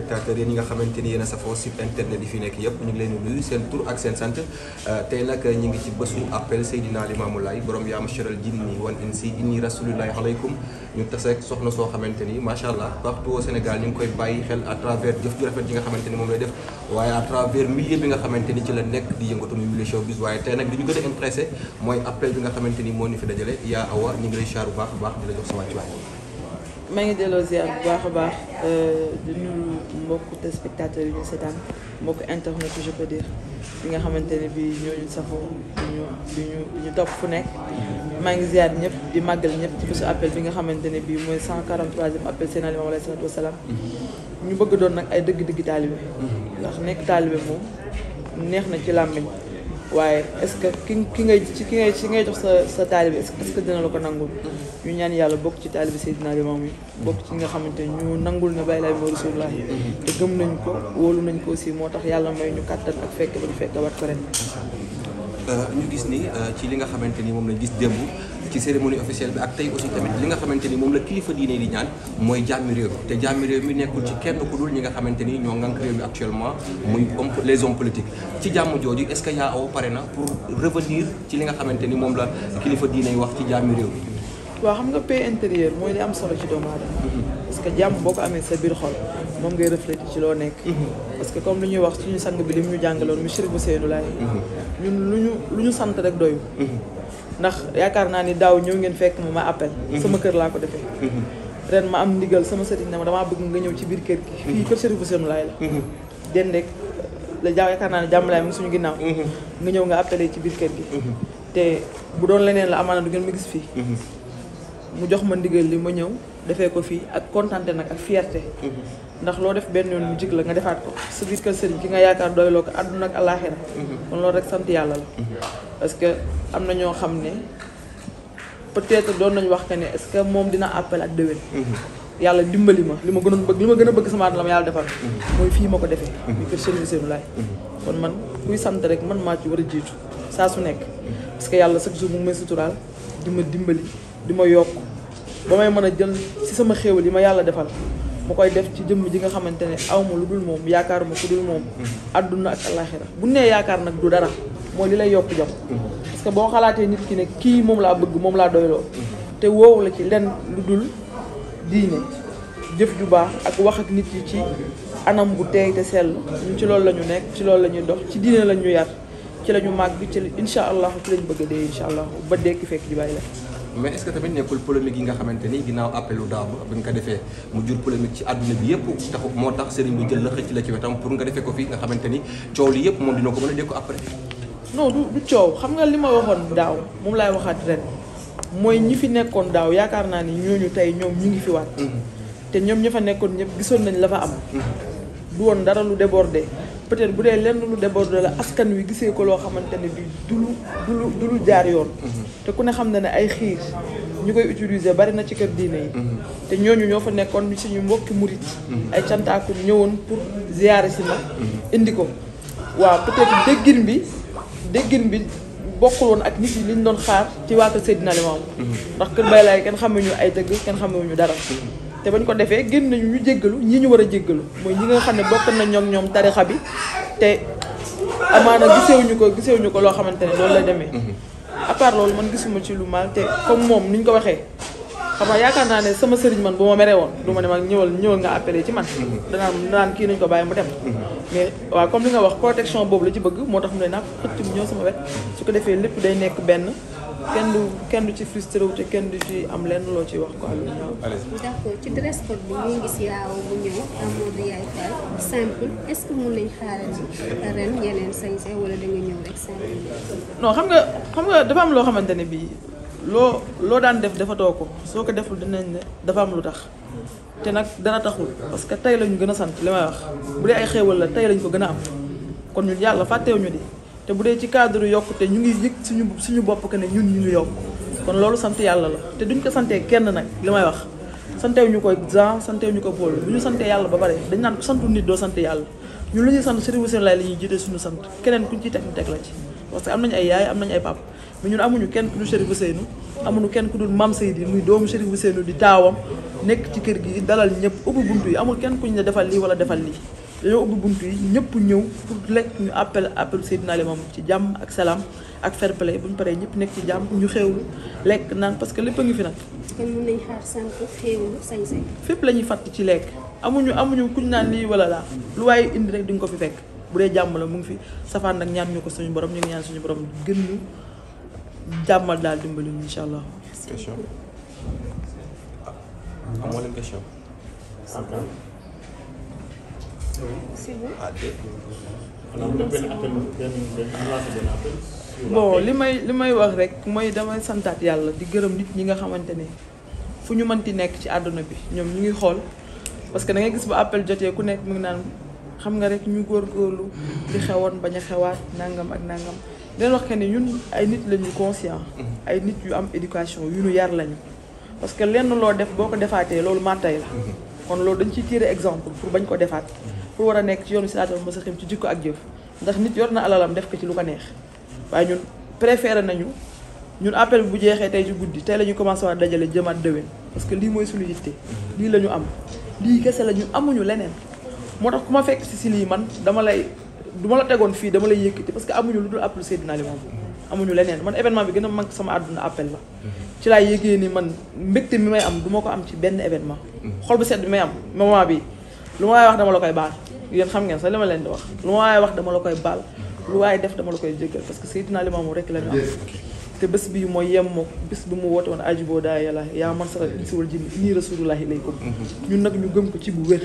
téléspectateurs yéen nga xamante ni a safoo site internet yi fi nekk yëpp ñu ngi leen di nuyu seen tur ak sant euh, tey nag ñu ngi ci bésu appel Seydina Limamou Laye borom yaa masharal jinni ni macha allah partout au Sénégal ñu ngi koy bàyyi xel à travers jëf ju ji ni moom lay def waaye à travers milieu bi nga xamante ni ci la tey nag li ñu gën a intéressé mooy appel bi nga xamante ni moo fi dajale yaa awa ñu ngi lay char baax baax di la jox sa wàccuwaay maa ngi delloo ziar bu baax a baax euh, di nuyu mbokku téléspectateurs yi ñu seetaan mbokk internet je peux dire bi nga xamante ne bii ñooñu safoo ñu ñu ñu topp fu nekk. maa ngi ziar ñëpp di màggal ñëpp ci bisu appel bi nga xamante ne bii mooy 143e appel seen alimam alayhi salaatu wasalaam ñu bëgg doon nag ay dëgg-dëgg taalibe. Mm-hmm. ndax nekk taalibe moom neex na ci làmmiñ waaye est-ce que ki ki ngay ci ki ngay ci jox sa sa taalibe est dina la ko nangu ñu ñaan yàlla bokk ci taalibe Seydina Limaamu yi bokk ci nga xamante ñu nangul ne bàyyi laay moo rasulullah te gëm nañ ko wóolu nañ ko aussi moo tax yàlla may ñu kàttan ak fekk ba ñu fekk wat ko ren euh, gis ni euh, ci li nga xamante ni moom lañ gis démb ci cérémonie officielle bi ak tey aussi tamit li nga xamante ni moom la kilifa diine di ñaan mooy jàmmi réew te jàmmi réew mi nekkul ci kenn ku dul ñi nga xamante ni ñoo ngànk réew mi actuellement muy les hommes politiques ci jàmm jooju est-ce que moom la kilifa diine yi wax ci jàmmi réew mi waaw xam nga paix intérieure mooy li am solo ci doomu mm-hmm. parce que jàmm boo ko amee sa biir xol moom ngay reflété ci loo nekk mm-hmm. parce que comme lu ñuy wax suñu sang bi li mu ñu jàngaloon mu Chérif Ousseynou Laye mm-hmm. ñun ndax yaakaar naa ni daaw ñëw ngeen fekk ma ma appel mhm. sama kër laa ko defee mhm. ren ma am ndigal sama sëriñ dama damaa bëgg nga ñëw ci biir kër gi mhm. fii kër sëriñ Ousseynou Laye la den rek la jaaw yaakaar naa ne jàmmalaay mu ngi suñu ginnaaw nga ñëw nga appelé ci biir kër gi te bu doon leneen la na du ngeen ma gis fii mu jox ma ndigal li ma ñëw defee ko fii ak kontante nag ak fierté ndax loo def benn yoonu mu jig la nga defaat ko sa biir kër sëriñ ki nga yaakaar doyloo ko àdduna ak àllaaxira mhm. kon loolu rek sant yàlla la mhm. parce que am na ñoo xam ne peut-être doon nañu wax que ne est-ce que moom dina appel ak déwén mhm. yàlla dimbali ma li ma gënoon bëgg li ma gën a bëgg sama at la ma yàlla defal mooy fii ma ko defee muy kër sëriñ Ousseynou Laye kon man kuy sant rek man maa ci war a jiitu saa su nekk parce que yàlla chaque jour mu ngi may suturaal di ma dimbali di ma yokk ba may mën a jël si sama xéewal yi ma yàlla defal mu koy def ci jëmm ji nga xamante ne aw ma lu dul moom yaakaaruma ku dul moom. Mm-hmm. àdduna ak alaxira bu nee yaakaar nag du dara moo li lay yokk jom. Mm-hmm. parce boo xalaatee nit ki ne kii moom laa bëgg moom laa doyloo. Mm-hmm. te woowu la ci lenn lu dul diine jëf ju baax ak wax ak nit yi ci anam bu teey te sell ci loolu la ñu nekk ci loolu la ñuy dox ci diine la ñu yar ci la ñu màgg ci incha allah ci lañ bëgg a dee incha allah ba dekki fekk ji bàyyi la. mais est-ce que tamit nekkul polémique yi nga xamante ni ginnaaw appelu daaw ba nga ko defee mu jur polémique ci àdduna bi yëpp taxu moo tax sëriñ bi jël la xëcc la ci wetam pour nga defee ko fii nga xamante ni coow li yëpp moom dina ko mën a dégg ko après. non du coow xam nga li ma waxoon daaw moom laay waxaat ren mooy ñi fi nekkoon daaw yaakaar naa ni ñooñu tey ñoom ñu ngi fi waat. Mm-hmm. te ñoom ñu fa nekkoon ñëpp gisoon nañ la fa am. Mm-hmm. du woon dara lu débordé peut-être bu dee lenn lu déborde la askan wi gisee ko loo xamante ne bi dulu dulu dulu jaar yoon mhm. te ku ne xam na ne ay xiir ñu koy utiliser bari na ci kër diine yi mhm. te ñooñu ñoo fa nekkoon suñu mbokki murit mhm. ay cantaaku ñëwoon pour ziyaare si ma indi ko waaw peut-être bi déggin bi bokkul woon ak nit yi liñ doon xaar ci waa kër Seydina ndax kër Baay Laay kenn ñu ay dëgg kenn ñu dara te bañ ko defee génn nañu ñu jéggalu ñi ñu war a jéggalu mooy ñi nga xam ne bokk na ñoom ñoom tarixa bi te amaana gisewuñu ko gisewuñu ko loo xamante ne loolu la demee mhm. à part loolu man gisuma ci lu mal te comme moom ni ñu ko waxee xam nga yaakaar naa ne sama sëriñ man bu ma meree woon du ma ne ma ñëwal ñëwal nga appelé ci man danaan mhm. danaan kii nañ ko bàyyi mu dem mhm. mais waaw comme li nga wax protection boobu la ci bëgg moo tax mu ne naa sama su ko defee lépp day nekk benn kenn du kenn du ci frustré wu te kenn du ci am lenn loo ci wax ko am ñaaw. d'accord ci dress bi ñu ngi si est-ce que mun nañ xaaral wala da nga ñëw rek simple. non xam nga xam nga dafa am loo xamante ne bii loo loo daan def defatoo ko soo ko deful dinañ ne dafa am lu tax. te nag dara taxul parce que tey lañu gën a sant li may wax bu dee ay xéewal la tey lañ ko gën a am kon ñun yàlla fàttewuñu di. te bu dee ci cadre te ñu ngi yëg suñu suñu bopp que ne ñun ñu ngi yokk kon loolu sant yàlla la te duñ ko santee kenn nag li may wax santew ñu ko Jean santew ñu ko Paul bu ñu santee yàlla ba pare dañ naan santu nit doo sant yàlla ñun lu ñuy sant Serigne Ousseynou Laye la ñuy jiite suñu sant keneen kuñ ci teg ñu teg la ci parce que am nañu ay yaay am nañu ay pap mais ñun amuñu kenn ku dul Serigne Ousseynou amuñu kenn ku dul Mame Seydi muy doomu Serigne Ousseynou di taawam nekk ci kër gi dalal ñëpp ubbi buntu yi amul kenn kuñ ne defal lii wala defal lii dañoo ubbi bunt yi ñëpp ñëw pour lekk ñu appel appel Seydina Limamou ci jàmm ak selaam ak fair play bu ñu paree ñëpp nekk ci jàmm ñu xewlu lekk naan parce que lépp a ngi fi nag. kon mun nañu xaar sànq xewlu sañse fépp la ñuy fàtt ci lekk amuñu amuñu kuñ naan lii wala laa lu waaye indi rek di ko fi fekk bu dee jàmm la mu ngi fi safaan nag ñaan ñu ko suñu borom ñu ngi ñaan suñu borom gën ñu jàmmal daal dimbali incha allah. question ah, amoo leen question. Ah, si vous li may li may wax rek mooy damay santaat yàlla di gërëm nit ñi nga xamante ne fu ñu ti nekk ci àdduna bi ñoom ñu ngi xool parce que da ngay gis ba appel jotee ku nekk mu ngi naan xam nga rek ñu góor góorgóorlu di xewoon bañ a xewaat nangam ak nangam leen wax que ne ñun ay nit la ñu conscient mm-hmm. ay nit yu am éducation yu ñu yar lañu parce que lenn loo def boo ko defaatee loolu màttay la mm-hmm. kon loolu dañ ciy tirer exemple pour bañ ko defaat pour war a nekk ci yoonu siraatal mustaqim ci jikko ak jëf ndax nit yor na alalam def ko ci lu ko neex waaye ñun préféré nañu ñun appel bu jeexee tey ci guddi tey la ñu commencé waa dajale jëmaat déwén parce que lii mooy suñu yitte lii la ñu am lii kese la amuñu leneen moo tax ku ma fekk si si yi man dama lay du ma la tegoon fii dama lay yëkkati parce que amuñu lu dul naa Seydina Limamou amuñu leneen man événement bi gën a mag sama àdduna appel la ci laay yëgee ni man mbégte mi may am du ko am ci benn événement mm-hmm. xol bu sedd may am moment bi lu ma wax dama la koy baax yéen xam ngeen sax li ma leen di wax lu ma waaye wax dama la koy baal lu waaye def dama la koy jéggal parce que Seydina Limaamu rek la ñu am te bés bi mooy yem mook bés bi mu woote woon ajiboo daa yàlla yaa man saral insi wal jinni nii rasulullahi lay ko mhm. ñun nag ñu gëm ko ci bu wér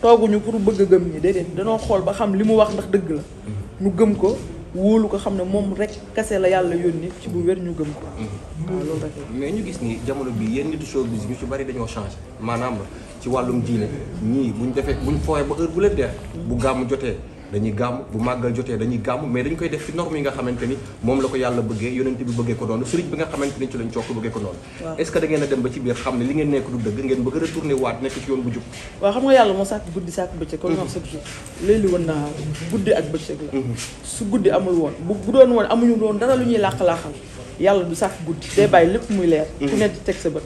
tooguñu pour bëgg a gëm ñi déedéet danoo xool ba xam li mu wax ndax dëgg la mhm. ñu gëm ko wóolu ko xam ne moom rek kase la yàlla yónni ci bu wér ñu gëm ko mhm. waaw loolu rek ñu gis ni jamono bii yéen nitu showbiz ñu bari dañoo changé maanaam ci wàllum diine ñii buñ defee buñ fooyee ba heure bu leen dee bu gàmm jotee dañuy gàmm bu màggal jotee dañuy gàmm mais dañ koy def ci norme yi nga xamante ni moom la ko yàlla bëggee yonent bi bëggee ko noonu sëriñ bi nga xamante ni ci lañ cokk bëggee ko noonu est ce a dem ba ci biir xam ne li ngeen nekk du dëgg ngeen bëgg a retourné waat nekk ci yoon bu jub waaw xam nga yàlla moo sàkk guddi sàkk bëccëg kon wax chaque jour léegi wan naa guddi ak bëccëg mhm. su guddi amul woon bu doon woon amuñu doon dara lu ñuy làq-làqal yàlla du sàkk guddi day bàyyi lépp muy leer mm-hmm. ku ne teg sa bët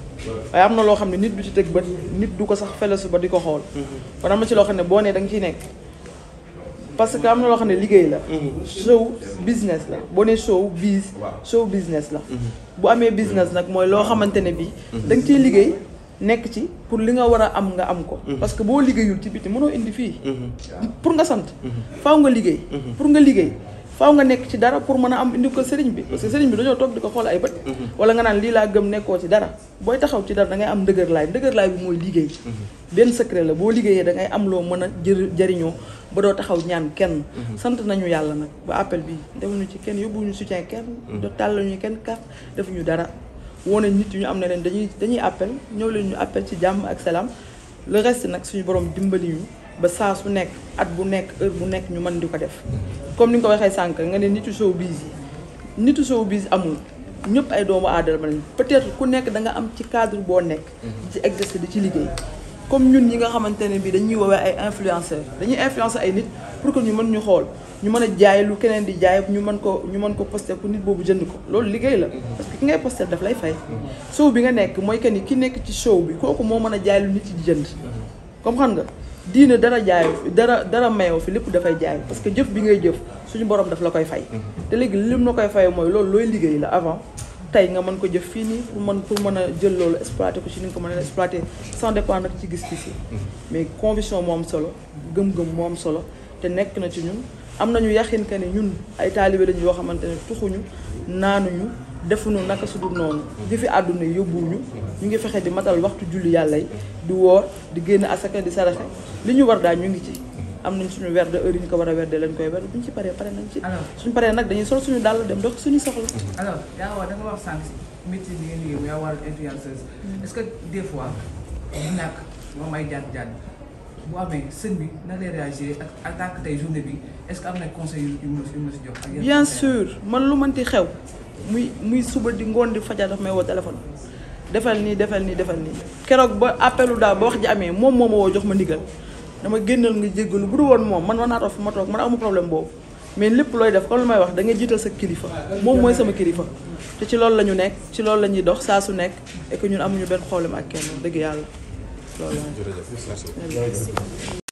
waaye am na loo xam ne nit du ci teg bët nit du ko sax felesu ba di ko xool mm-hmm. kon am na ci loo xam ne boo nee danga nga ciy nekk parce que am na loo xam ne liggéey la mm-hmm. sow business la boo nee show biz show business la bu amee business nag mooy loo xamante ne bii danga nga ciy liggéey nekk ci pour li nga war a am nga am ko parce que boo liggéeyul ci biti mënoo indi fii pour nga sant faaw nga liggéey pour nga liggéey faaw nga nekk ci dara pour mën a am indi ko sëriñ bi parce sëriñ bi dañoo toog di ko xool ay bët mhm. wala nga naan lii laa gëm nekkoo ci dara booy taxaw ci dara dangay am ndëgër laay ndëgër laay bi mooy liggéey mhm. benn secret la boo liggéeyee da ngay am loo mën a jë jëriñoo ba doo taxaw ñaan kenn mhm. sant nañu yàlla nag ba appel bi defuñu ci kenn yóbbuñu soutien kenn do tàllañu kenn carte defuñu dara woone nit ñu am na leen dañuy dañuy appel ñëw leen ñu appel ci jàmm ak salaam le reste nag suñu borom dimbali ñu ba saa su nekk at bu nekk heure bu nekk ñu mën di ko def comme ni nga ko waxee sànq nga ne nitu showbiz yi nitu showbiz amul ñëpp ay doomu aadama lañ peut-être ku nekk da nga am ci cadre boo nekk di ci exercer di ci liggéey comme ñun ñi nga xamante ne bii dañuy woowee ay influenceur dañuy influencer ay nit pour que ñu mën ñu xool ñu mën a jaay lu keneen di jaay ñu mën ko ñu mën ko posté ku nit boobu jënd ko loolu liggéey la parce que ki ngay posté daf lay fay show bi nga nekk mooy que ni ki nekk ci show bi kooku moo mën a jaay lu nit yi di comme xam nga diine dara jaayu dara dara mayoo fi lépp dafay jaay parce que jëf bi ngay jëf suñu borom daf la koy fay. Mhm. te léegi lim la koy fay mooy loolu looy liggéey la avant tey nga mën ko jëf fii nii pour mën pour mën a jël loolu exploité ko ci ni nga ko mën a exploité sans nag ci gis-gis yi. Mhm. mais conviction moom solo gëm-gëm moom solo te nekk na ci ñun am nañu yaxin que ne ñun ay taalibe lañu yoo xamante ne tuxuñu ñu defuñu naka su dul noonu jëfi àdduna yóbbuwuñu ñu ngi fexe di matal waxtu julli yàlla yi di woor di génn asaka di saraxe li ñu war daal ñu ngi ci am nañ suñu werde heure yi ñu ko war a werde lañ koy werde bu ñu ci paree pare nañ ci suñu paree nag dañuy sol suñu dàll dem dox suñu soxla alors yaa wax da nga wax sànq si métier bi ngeen liggéey yaa war hmm. que des fois ñu moom ay jaan jaan bu amee sëñ bi naka lay réagir ak tant que tey journée bi est-ce que am na conseil yu mu yu mu si jox bien sûr man lu mënti xew muy muy suba di ngoon di fajar daf may woo téléphone defal nii defal nii defal nii keroog ba appelu daal ba wax ji amee moom moo ma woo jox ma ndigal dama génnal nga jéggalu bu du woon moom man man naa toog fi ma toog man amu problème boobu mais lépp looy def comme lu may wax da ngay jiital sa kilifa moom mooy sama kilifa te ci loolu la ñu nekk ci loolu la ñuy dox saa su nekk et que ñun amuñu benn problème ak kenn dëgg yàlla loolu la